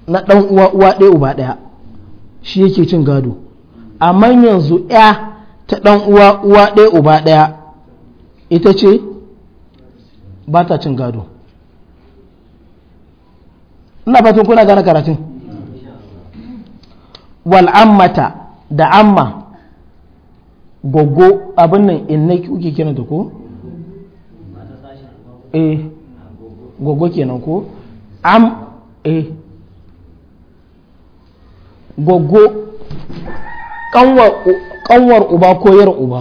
na ɗan uwa uwa ɗaya uba ɗaya shi yake cin gado amma yanzu ya ta ɗan uwa uwa ɗaya uba ɗaya ita ce ba ta cin gado ina fatan kuna gane karatun wal'ammata da amma gogo abin nan inna kuke kiranta ko? eh gogo kenan ko am eh gogo kanwar uba ko yar uba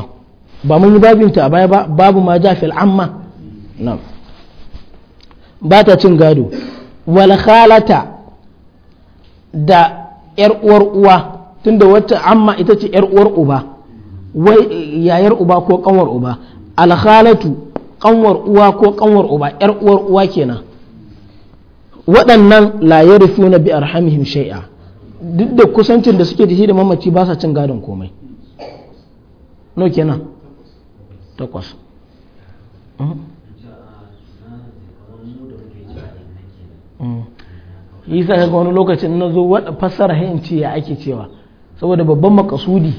ba mun yi babinta a baya ba babu ma jafil amma na ba ta cin gado wal khalata da yar uwar uwa tunda wata amma ita ce yar uwar uba wai yayar uba ko kanwar uba al khalatu Ƙanwar uwa ko ƙanwar uba yar uwar uwa kenan waɗannan la na bi arhamihim shai'a duk da kusancin da suke da shi da mamaci ba sa cin gadon komai no kenan takwas yi sa ga wani lokacin na zo fassara hain ce ya ake cewa saboda babban makasudi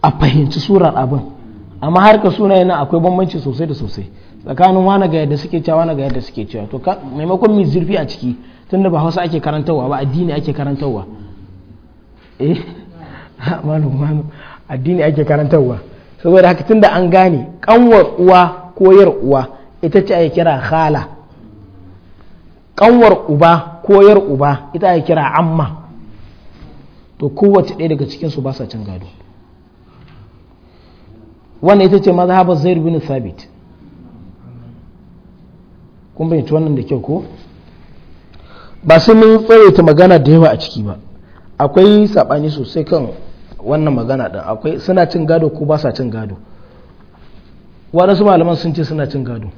a fahimci surar abin amma harkar suna nan akwai bambanci sosai da sosai tsakanin wane ga yadda suke cewa wane ga yadda suke cewa to maimakon mai zurfi a ciki tunda ba hausa ake karantarwa ba addini ake karantarwa eh malum malum addini ake karantarwa saboda haka tunda an gane kanwar uwa koyar uwa ita ce ake kira khala kanwar uba koyar uba ita ake kira amma to kowace ɗaya daga cikinsu ba sa cin gado wannan ita ce mazhabar zair bin sabit kun bayyanci wannan da kyau ko ba sai mun tsawaita magana da yawa a ciki ba akwai sabani sosai kan wannan magana din akwai suna cin gado ko ba sa cin gado waɗansu malaman sun ce suna cin gado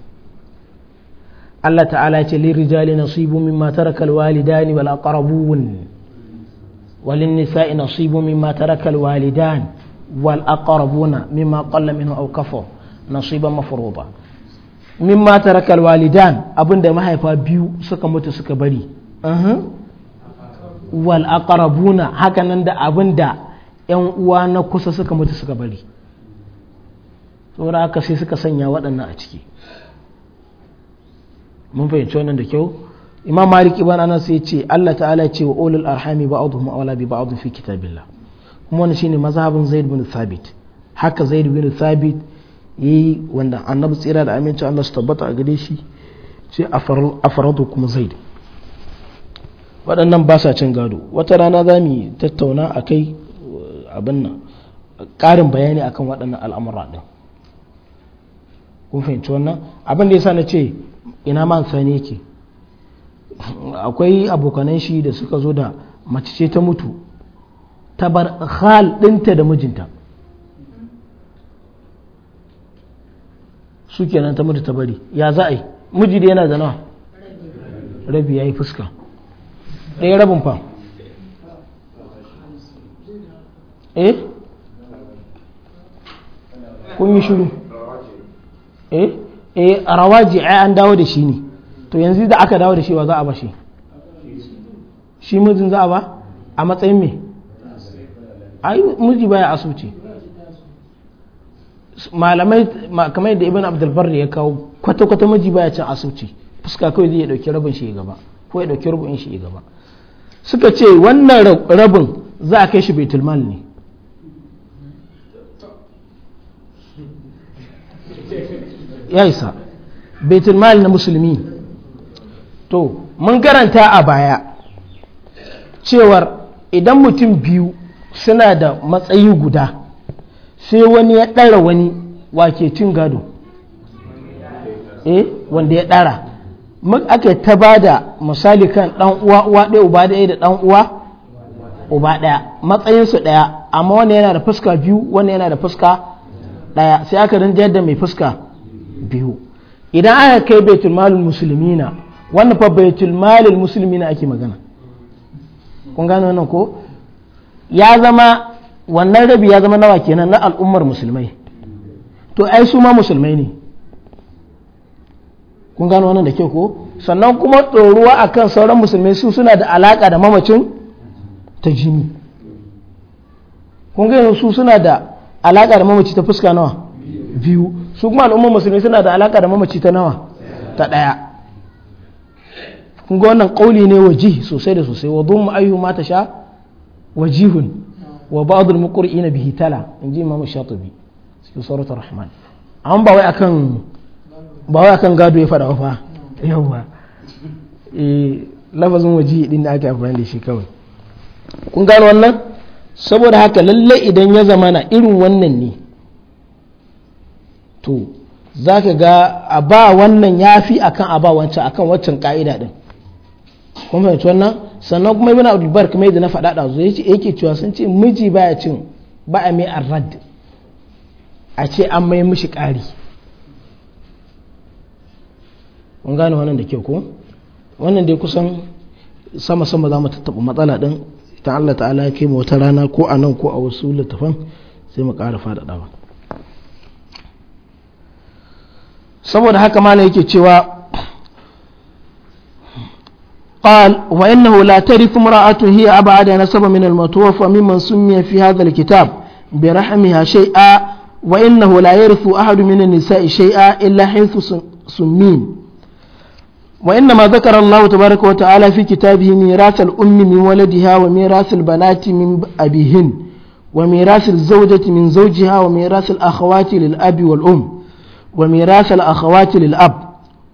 Allah ta'ala ce lirijali matar kalwali taraka alwalidani wal aqrabun walin nisa'i nasibu mimma taraka alwalidani wal aqrabuna mimma qalla minhu aw kafa nasiban mafruḍa mimma taraka al walidan abunda mahaifa biyu suka mutu suka bari uhm wal aqrabuna haka nan da abunda yan uwa na kusa suka mutu suka bari saboda haka sai suka sanya waɗannan a ciki mun fahimci wannan da kyau imam malik ibn anas yace Allah ta'ala yace wa ulul arhami ba'dhum awla bi ba'd fi kitabillah kuma wani shine mazhabin zaid bin thabit haka zaid bin thabit yi wanda annabi tsira da aminci Allah su tabbata a gare shi ce afaradu kuma zaid waɗannan ba sa cin gado wata rana za mu tattauna a kai uh, abin nan ƙarin bayani akan waɗannan al'amura ɗin kun fahimci wannan abin da yasa na ce ina man sani yake akwai abokanan shi da suka zo da mace ce ta mutu ta bar hal ɗinta da mijinta su kenan ta mutu ta bari ya za a yi miji da yana da nawa rabi ya yi fuska ɗaya rabin fa eh kun yi shiru eh eh rawaji ai an dawo da shi ne to yanzu da aka dawo da shi wa za a ba shi shi mijin za a ba a matsayin me ai miji baya asibiti malamai kamar yadda ibn abdulbar ya kawo kwata-kwata miji baya cin asibiti fuska kawai zai dauki rabin shi gaba ko ya dauki rubin shi gaba suka ce wannan rabin za a kai shi baitul mal ne ya isa baitul mal na musulmi to mun karanta a baya cewar idan mutum biyu suna da matsayi guda sai wani ya ɗara wani wake cin gado eh wanda ya ɗara aka ta ba da misali kan ɗan uwa uwa ɗaya uba ɗaya da ɗan uwa uba ɗaya matsayinsu ɗaya amma wani yana da fuska biyu wani yana da fuska ɗaya sai aka rinjayar da mai fuska biyu idan aka kai baitul malul musulmina wannan fa baitul malul musulmina ake magana kun gane wannan ko ya zama wannan rabi ya zama nawa kenan na al'ummar musulmai to ai su ma musulmai ne kun gano wannan da ke ko sannan kuma a akan sauran musulmai su suna da alaƙa da mamacin ta jini kun gano su suna da alaƙa da mamaci ta fuska nawa biyu su kuma al'ummar musulmai suna da alaƙa da mamaci ta nawa ta ɗaya kun ga wannan ƙauli ne waji sosai da sosai wa dun ayyuma ta sha wajihun wa ba'd al-muqri'in bihi tala inji imam shatibi cikin suratul rahman an ba wai akan akan gado ya fada fa yawa eh lafazin waji din da ake amfani da shi kawai kun gano wannan saboda haka lallai idan ya zama zamana irin wannan ne to za ka ga a ba wannan ya fi a kan a ba wancan a kan waccan ka'ida ɗin kun fahimci wannan sannan kuma ibn abdul kuma mai yadda na faɗa da ya yake cewa sun ce miji baya cin ba a mai arrad a ce an mai mishi ƙari kun gane wannan da kyau ko wannan dai kusan sama sama za mu tattaɓa matsala ɗin ta Allah ta'ala ya kai mu wata rana ko a nan ko a wasu littafan sai mu ƙara faɗaɗawa saboda haka mana yake cewa قال وإنه لا ترث امرأة هي أبعد نسب من المتوفى ممن سمي في هذا الكتاب برحمها شيئا وإنه لا يرث أحد من النساء شيئا إلا حيث سمين وإنما ذكر الله تبارك وتعالى في كتابه ميراث الأم من ولدها وميراث البنات من أبيهن وميراث الزوجة من زوجها وميراث الأخوات للأب والأم وميراث الأخوات للأب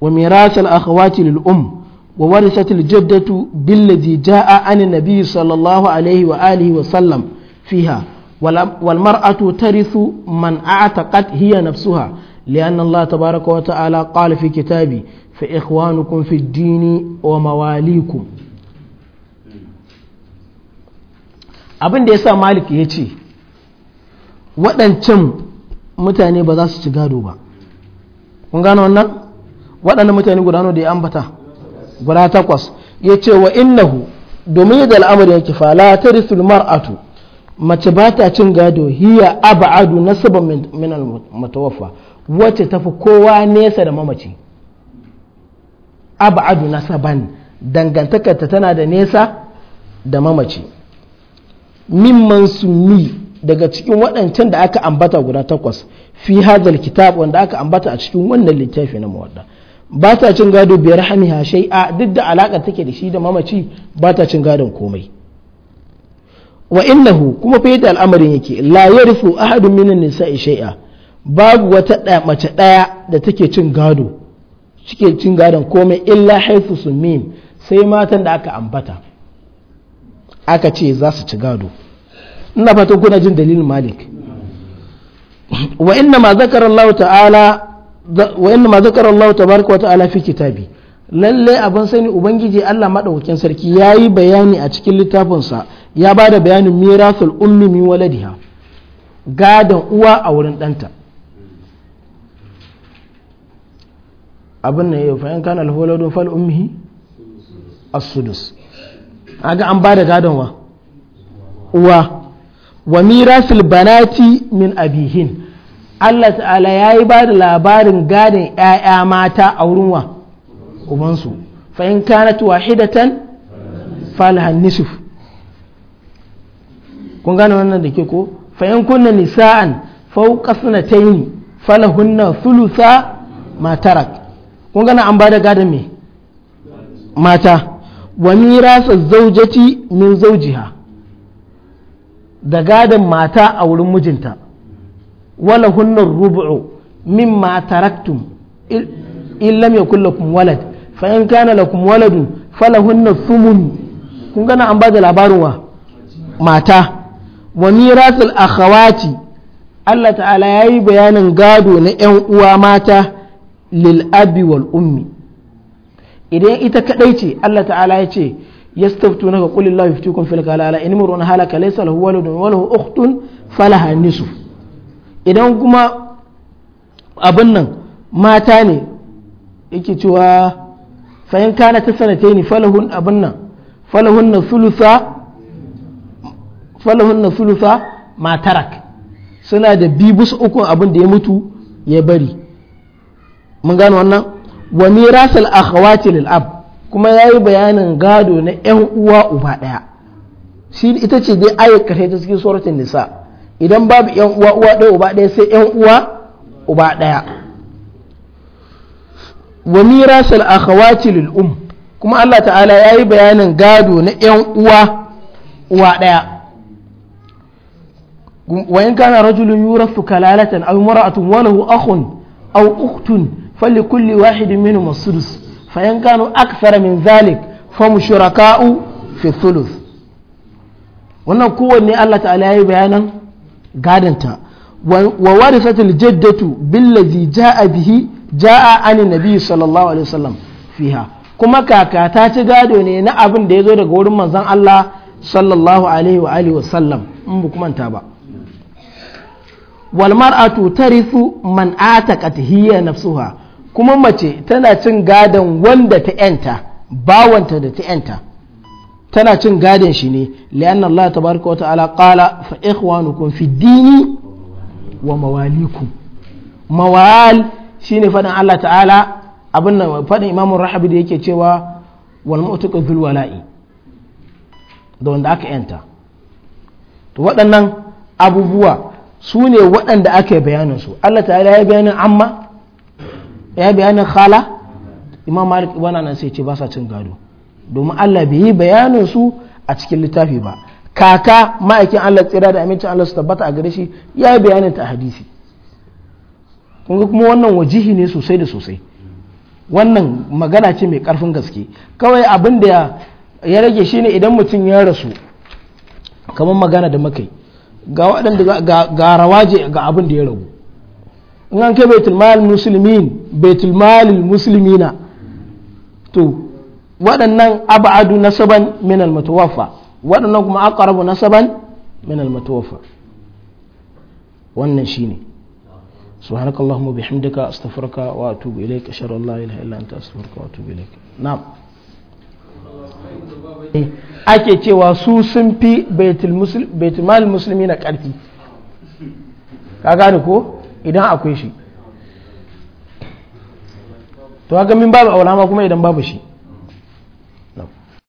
وميراث الأخوات للأم وورثت الجدة بالذي جاء عن النبي صلى الله عليه وآله وسلم فيها والمرأة ترث من أعتقت هي نفسها لأن الله تبارك وتعالى قال في كتابه فإخوانكم في الدين ومواليكم abin da ya sa malik ya ce waɗancan mutane ba za su ci gado ba kun gano wannan waɗannan mutane guda da ya ambata guda takwas ya ce wa innahu domin yadda al'amari yake fala ta atu mar'atu mace ba ta cin gado hiya ab'adu na sabon minal matawafa wacce tafi kowa nesa da mamaci ab'adu nasaban dangantakarta tana da nesa da mamaci mimman summi daga cikin waɗancan da aka ambata guda takwas fi hadal kitab wanda aka ambata a cikin wannan littafi na muwadda ba ta cin gado biyar shai shai'a duk da alaƙar take da shi da mamaci ba ta cin gadon komai wa innahu kuma fiye da al'amarin yake la yarifu ahadun minan nisa shai'a babu wata mace ɗaya da take cin gado cike cin gadon komai illa haifu min sai matan da aka ambata aka ce za su ci gado ina fatan kuna jin dalilin malik wa inna ma zakarar Allah ta'ala wa inna ma zakara Allah tabaraka wa ta'ala fi kitabi lalle abin sani ubangiji Allah madaukakin sarki yayi bayani a cikin littafinsa ya ba da bayanin mirasul ummi min waladiha gadon uwa a wurin danta abin ne yau fa'in kana alhuladun fal ummihi as-sudus aga an ba da gadon wa uwa wa mirasul banati min abihin Allah ta'ala ya yi ba da labarin gadin ‘ya'ya mata a wurin wa ubansu fa'in kanat wahidatan falahan nisuf kun gane wannan da ke ko fa'in kunna nisa'an fauka sanataini falahunna thulutha matarak kun gane an ba da gadin me mata wa mirasa zaujati min zaujiha da gadin mata a wurin mijinta wala hunnar rubu'u mimma taraktum in lam yakul lakum walad fa in kana waladu waladun falahunna thumun kun gana an bada labarin wa mata wa mirasul akhawati Allah ta'ala yayi bayanin gado na 'yan uwa mata lil abi wal ummi idan ita kadai ce Allah ta'ala ya ce yastaftunaka qulillahu yuftikum fil kalala in imrun halaka laysa lahu waladun wa lahu ukhtun falaha nisfu idan kuma abin nan mata ne yake cewa fahim kana ta sanate ni falahun abin nan falahun na sulusa matarak suna da bibus uku abin da ya mutu ya bari mun gano wannan wa mirasal akhawati lil ab kuma yayi bayanin gado na yan uwa uba daya shi ita ce dai ayyukata ta cikin suratul nisa' idan babu yan uwa uwa ɗaya uba ɗaya sai yan uwa uba ɗaya wa mirasul akhawati lil um kuma Allah ta'ala yayi bayanin gado na yan uwa uwa ɗaya wa in kana rajulun yurathu kalalatan aw imra'atun wa lahu akhun aw ukhtun falikulli wahidin min masudus? sudus fa in kanu akthara min zalik fahum shuraka'u fi thuluth wannan kowanne Allah ta'ala yi bayanan gadanta wa warisatul jaddatu billazi ja'a bihi ja'a anin nabi sallallahu alaihi wasallam fiha kuma kaka ta ci gado ne na abin da ya zo daga wurin manzon Allah sallallahu alaihi wa alihi wasallam in ba kuma ta ba wal mar'atu tarithu man ataqat hiya nafsuha kuma mace tana cin gadon wanda ta yanta bawanta da ta yanta tana cin gadon shi ne li'anna Allah tabaraka wa wata alaƙala fa ikhwanukum fi dini wa mawalikum mawal shi ne faɗin Allah ta'ala abin da faɗin imamun Rahabi da yake cewa wal mu'tiqu dhul wala'i da wanda aka yanta to waɗannan abubuwa su ne waɗanda aka yi bayanin su Allah ta'ala ya bayanin amma ya bayanin khala Imam Malik bana nan sai ce ba sa cin gado domin Allah bai yi bayanin su a cikin littafi ba kaka ma'aikin Allah tsira da amincin Allah su tabbata a gare shi ya yi bayanin ta hadisi kun kuma wannan wajihi ne sosai da sosai wannan magana ce mai karfin gaske kawai abin da ya rage shine idan mutum ya rasu kamar magana da makai ga waɗanda ga rawaje ga abin da ya ragu in an kai baitul malil muslimin baitul muslimina to waɗannan ab'adu nasaban min al-mutawaffa waɗannan kuma aqrabu nasaban min al-mutawaffa wannan shine سبحانك اللهم وبحمدك استغفرك واتوب اليك اشهد ان لا اله الا انت استغفرك واتوب اليك نعم ake cewa su sun fi baitulmal musulmi na ƙarfi ka gane ko idan akwai shi to haka min babu aulama kuma idan babu shi